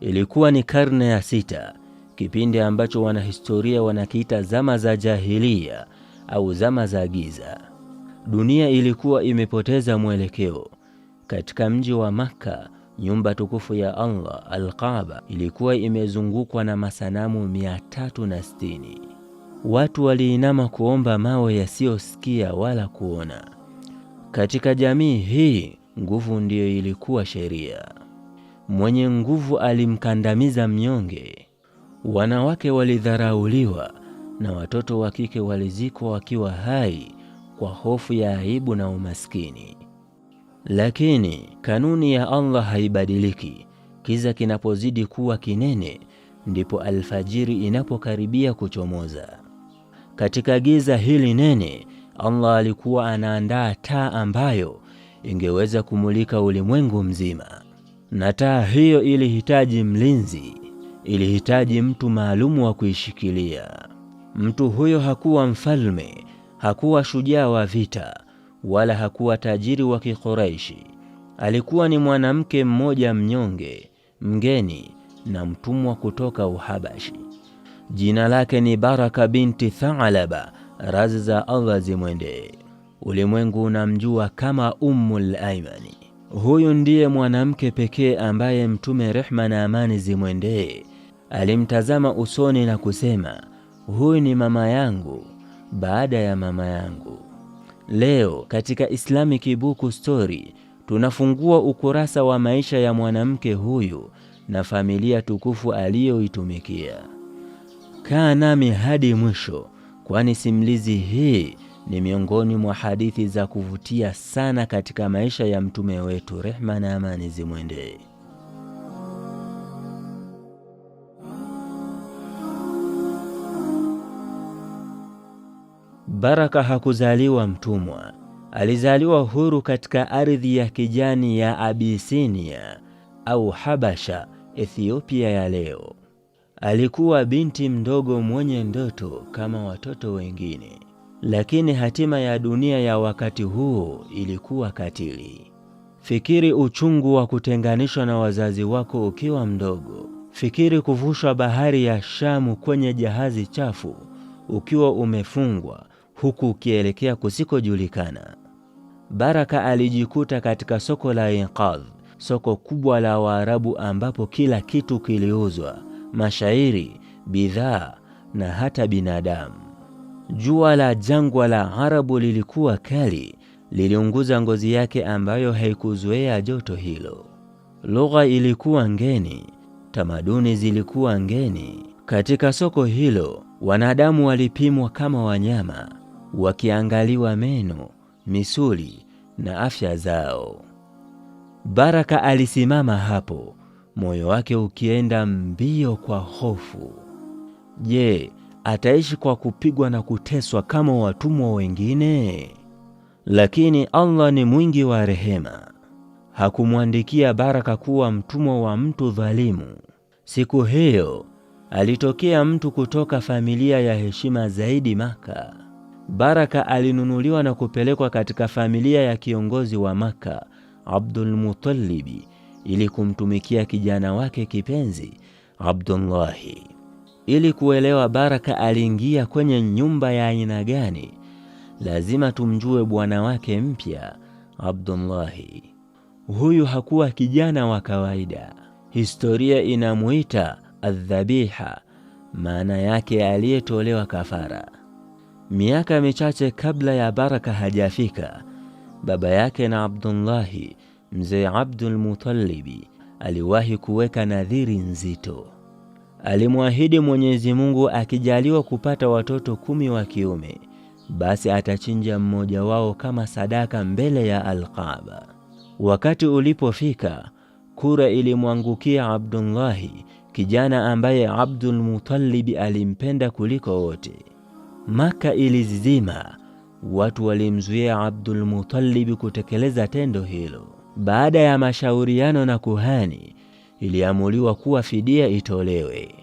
Ilikuwa ni karne ya sita, kipindi ambacho wanahistoria wanakiita zama za jahilia au zama za giza. Dunia ilikuwa imepoteza mwelekeo. Katika mji wa Makka, nyumba tukufu ya Allah Al-Kaaba ilikuwa imezungukwa na masanamu 360. Watu waliinama kuomba mawe yasiyosikia wala kuona. Katika jamii hii, nguvu ndiyo ilikuwa sheria mwenye nguvu alimkandamiza mnyonge. Wanawake walidharauliwa na watoto wa kike walizikwa wakiwa hai kwa hofu ya aibu na umaskini. Lakini kanuni ya Allah haibadiliki. Kiza kinapozidi kuwa kinene, ndipo alfajiri inapokaribia kuchomoza. Katika giza hili nene, Allah alikuwa anaandaa taa ambayo ingeweza kumulika ulimwengu mzima na taa hiyo ilihitaji mlinzi, ilihitaji mtu maalumu wa kuishikilia. Mtu huyo hakuwa mfalme, hakuwa shujaa wa vita, wala hakuwa tajiri wa Kikoreishi. Alikuwa ni mwanamke mmoja mnyonge, mgeni na mtumwa kutoka Uhabashi. Jina lake ni Baraka binti Thaalaba, razi za Allah zimwendee. Ulimwengu unamjua kama Ummul Aimani. Huyu ndiye mwanamke pekee ambaye Mtume rehma na amani zimwendee alimtazama usoni na kusema, huyu ni mama yangu baada ya mama yangu. Leo katika Islamic Book Story tunafungua ukurasa wa maisha ya mwanamke huyu na familia tukufu aliyoitumikia. Kaa nami hadi mwisho, kwani simulizi hii ni miongoni mwa hadithi za kuvutia sana katika maisha ya mtume wetu, rehma na amani zimwendee. Baraka hakuzaliwa mtumwa, alizaliwa huru katika ardhi ya kijani ya Abisinia au Habasha, Ethiopia ya leo. Alikuwa binti mdogo mwenye ndoto kama watoto wengine lakini hatima ya dunia ya wakati huo ilikuwa katili. Fikiri uchungu wa kutenganishwa na wazazi wako ukiwa mdogo. Fikiri kuvushwa bahari ya Shamu kwenye jahazi chafu ukiwa umefungwa huku ukielekea kusikojulikana. Baraka alijikuta katika soko la Inqadh, soko kubwa la Waarabu ambapo kila kitu kiliuzwa: mashairi, bidhaa na hata binadamu. Jua la jangwa la Arabu lilikuwa kali, liliunguza ngozi yake ambayo haikuzoea joto hilo. Lugha ilikuwa ngeni, tamaduni zilikuwa ngeni. Katika soko hilo, wanadamu walipimwa kama wanyama, wakiangaliwa meno, misuli na afya zao. Baraka alisimama hapo, moyo wake ukienda mbio kwa hofu. Je, ataishi kwa kupigwa na kuteswa kama watumwa wengine? Lakini Allah ni mwingi wa rehema, hakumwandikia Baraka kuwa mtumwa wa mtu dhalimu. Siku hiyo alitokea mtu kutoka familia ya heshima zaidi Maka. Baraka alinunuliwa na kupelekwa katika familia ya kiongozi wa Maka, Abdul Muttalib, ili kumtumikia kijana wake kipenzi Abdullahi. Ili kuelewa Baraka aliingia kwenye nyumba ya aina gani, lazima tumjue bwana wake mpya Abdullahi. Huyu hakuwa kijana wa kawaida. Historia inamuita adhabiha maana yake aliyetolewa kafara. Miaka michache kabla ya Baraka hajafika, baba yake na Abdullahi, mzee Abdul Muttalibi, aliwahi kuweka nadhiri nzito Alimwahidi Mwenyezi Mungu akijaliwa kupata watoto kumi wa kiume, basi atachinja mmoja wao kama sadaka mbele ya Alkaaba. Wakati ulipofika, kura ilimwangukia Abdullahi, kijana ambaye Abdul Muttalib alimpenda kuliko wote. Maka ilizizima, watu walimzuia Abdul Muttalib kutekeleza tendo hilo. Baada ya mashauriano na kuhani iliamuliwa kuwa fidia itolewe.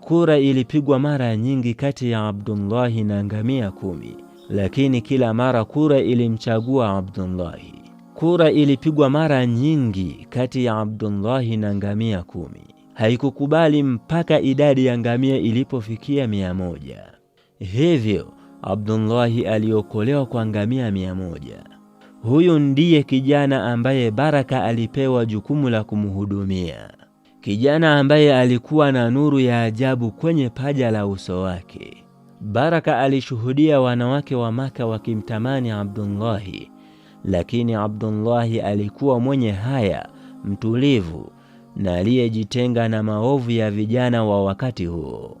Kura ilipigwa mara nyingi kati ya Abdullahi na ngamia kumi, lakini kila mara kura ilimchagua Abdullahi. Kura ilipigwa mara nyingi kati ya Abdullahi na ngamia kumi, haikukubali mpaka idadi ya ngamia ilipofikia mia moja. Hivyo Abdullahi aliokolewa kwa ngamia mia moja. Huyu ndiye kijana ambaye Baraka alipewa jukumu la kumhudumia kijana ambaye alikuwa na nuru ya ajabu kwenye paja la uso wake. Baraka alishuhudia wanawake wa Maka wakimtamani Abdullahi, lakini Abdullahi alikuwa mwenye haya, mtulivu na aliyejitenga na maovu ya vijana wa wakati huo.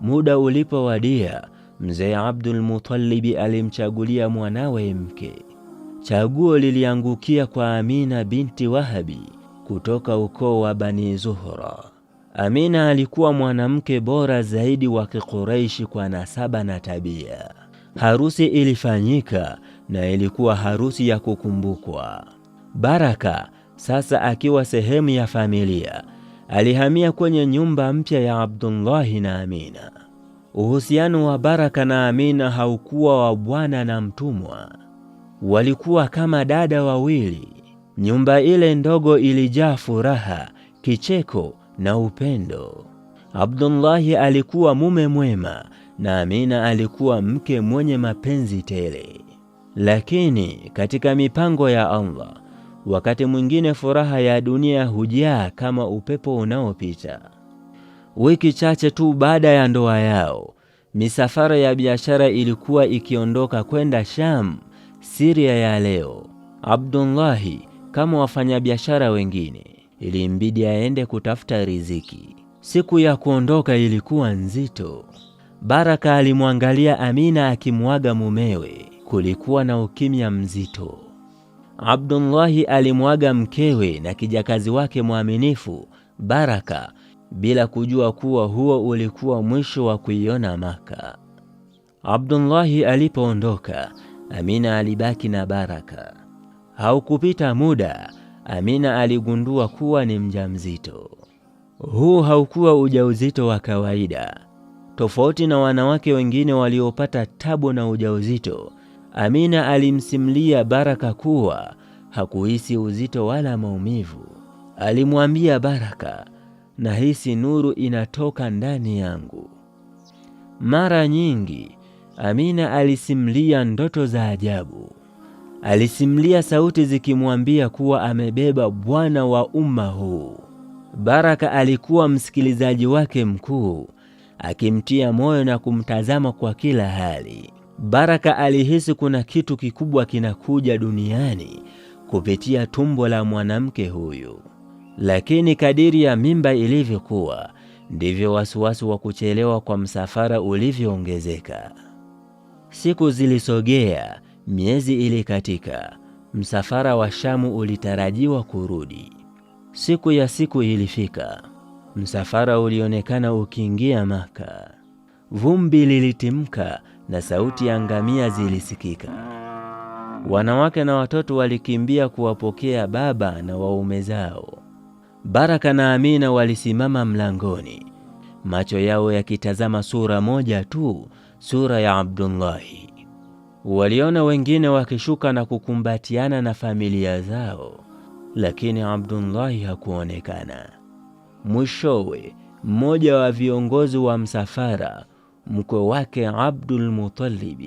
Muda ulipowadia, mzee Abdul alimchagulia mwanawe mke. Chaguo liliangukia kwa Amina binti Wahabi kutoka ukoo wa Bani Zuhra. Amina alikuwa mwanamke bora zaidi wa Kikureishi kwa nasaba na tabia. Harusi ilifanyika na ilikuwa harusi ya kukumbukwa. Baraka sasa akiwa sehemu ya familia, alihamia kwenye nyumba mpya ya Abdullahi na Amina. Uhusiano wa Baraka na Amina haukuwa wa bwana na mtumwa, walikuwa kama dada wawili. Nyumba ile ndogo ilijaa furaha, kicheko na upendo. Abdullahi alikuwa mume mwema na Amina alikuwa mke mwenye mapenzi tele. Lakini katika mipango ya Allah, wakati mwingine furaha ya dunia hujaa kama upepo unaopita. Wiki chache tu baada ya ndoa yao, misafara ya biashara ilikuwa ikiondoka kwenda Sham, Siria ya leo. Abdullahi kama wafanyabiashara wengine, ilimbidi aende kutafuta riziki. Siku ya kuondoka ilikuwa nzito. Baraka alimwangalia Amina akimwaga mumewe. Kulikuwa na ukimya mzito. Abdullahi alimwaga mkewe na kijakazi wake mwaminifu Baraka bila kujua kuwa huo ulikuwa mwisho wa kuiona Maka. Abdullahi alipoondoka, Amina alibaki na Baraka. Haukupita muda, Amina aligundua kuwa ni mjamzito. Huu haukuwa ujauzito wa kawaida. Tofauti na wanawake wengine waliopata tabu na ujauzito, Amina alimsimulia Baraka kuwa hakuhisi uzito wala maumivu. Alimwambia Baraka, nahisi nuru inatoka ndani yangu. Mara nyingi Amina alisimulia ndoto za ajabu alisimlia sauti zikimwambia kuwa amebeba Bwana wa umma huu. Baraka alikuwa msikilizaji wake mkuu, akimtia moyo na kumtazama kwa kila hali. Baraka alihisi kuna kitu kikubwa kinakuja duniani kupitia tumbo la mwanamke huyu, lakini kadiri ya mimba ilivyokuwa ndivyo wasiwasi wa kuchelewa kwa msafara ulivyoongezeka. Siku zilisogea Miezi ilikatika, msafara wa Shamu ulitarajiwa kurudi. Siku ya siku ilifika, msafara ulionekana ukiingia Maka. Vumbi lilitimka na sauti ya ngamia zilisikika. Wanawake na watoto walikimbia kuwapokea baba na waume zao. Baraka na Amina walisimama mlangoni, macho yao yakitazama sura moja tu, sura ya Abdullahi. Waliona wengine wakishuka na kukumbatiana na familia zao, lakini Abdullahi hakuonekana. Mwishowe mmoja wa viongozi wa msafara, mkwe wake Abdul Muttalib,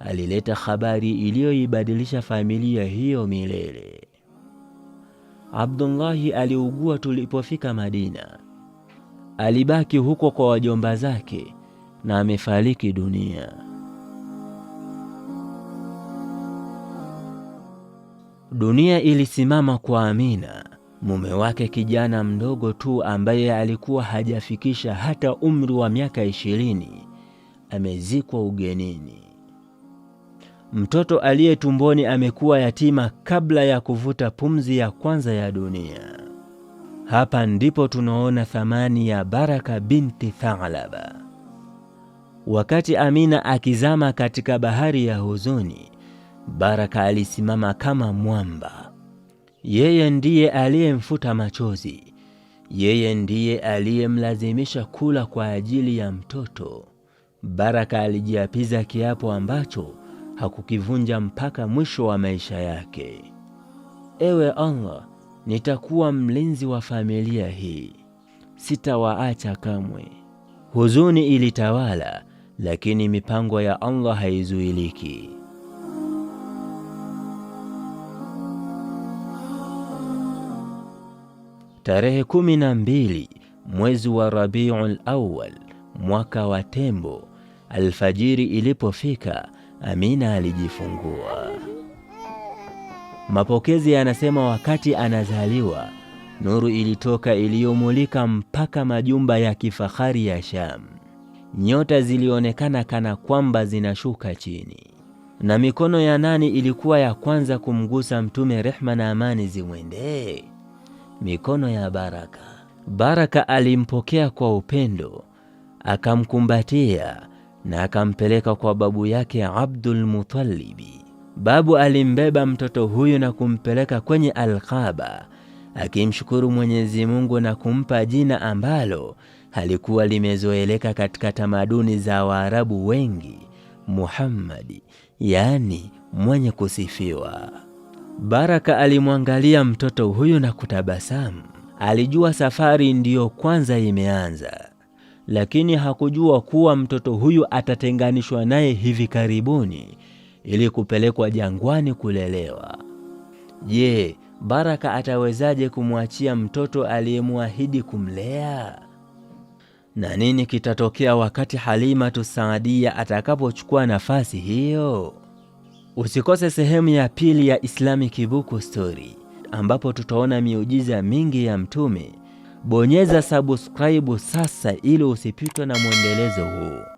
alileta habari iliyoibadilisha familia hiyo milele. Abdullahi aliugua tulipofika Madina. Alibaki huko kwa wajomba zake na amefariki dunia. Dunia ilisimama kwa Amina, mume wake kijana mdogo tu ambaye alikuwa hajafikisha hata umri wa miaka ishirini amezikwa ugenini. Mtoto aliye tumboni amekuwa yatima kabla ya kuvuta pumzi ya kwanza ya dunia. Hapa ndipo tunaona thamani ya Baraka binti Thalaba. Wakati Amina akizama katika bahari ya huzuni, Baraka alisimama kama mwamba. Yeye ndiye aliyemfuta machozi. Yeye ndiye aliyemlazimisha kula kwa ajili ya mtoto. Baraka alijiapiza kiapo ambacho hakukivunja mpaka mwisho wa maisha yake. Ewe Allah, nitakuwa mlinzi wa familia hii, sitawaacha kamwe. Huzuni ilitawala, lakini mipango ya Allah haizuiliki. Tarehe kumi na mbili mwezi wa Rabiul lawal mwaka wa Tembo, alfajiri ilipofika, Amina alijifungua. Mapokezi yanasema wakati anazaliwa, nuru ilitoka iliyomulika mpaka majumba ya kifahari ya Sham. Nyota zilionekana kana kwamba zinashuka chini, na mikono ya nani ilikuwa ya kwanza kumgusa Mtume, rehma na amani zimwendee? mikono ya Baraka. Baraka alimpokea kwa upendo, akamkumbatia na akampeleka kwa babu yake Abdul Mutalibi. Babu alimbeba mtoto huyu na kumpeleka kwenye alqaba akimshukuru Mwenyezi Mungu na kumpa jina ambalo halikuwa limezoeleka katika tamaduni za Waarabu wengi, Muhammadi, yaani mwenye kusifiwa. Baraka alimwangalia mtoto huyu na kutabasamu. Alijua safari ndiyo kwanza imeanza, lakini hakujua kuwa mtoto huyu atatenganishwa naye hivi karibuni ili kupelekwa jangwani kulelewa. Je, Baraka atawezaje kumwachia mtoto aliyemwahidi kumlea? Na nini kitatokea wakati Halimatu Saadia atakapochukua nafasi hiyo? Usikose sehemu ya pili ya Islamic Book Story ambapo tutaona miujiza mingi ya Mtume. Bonyeza subscribe sasa ili usipitwe na mwendelezo huu.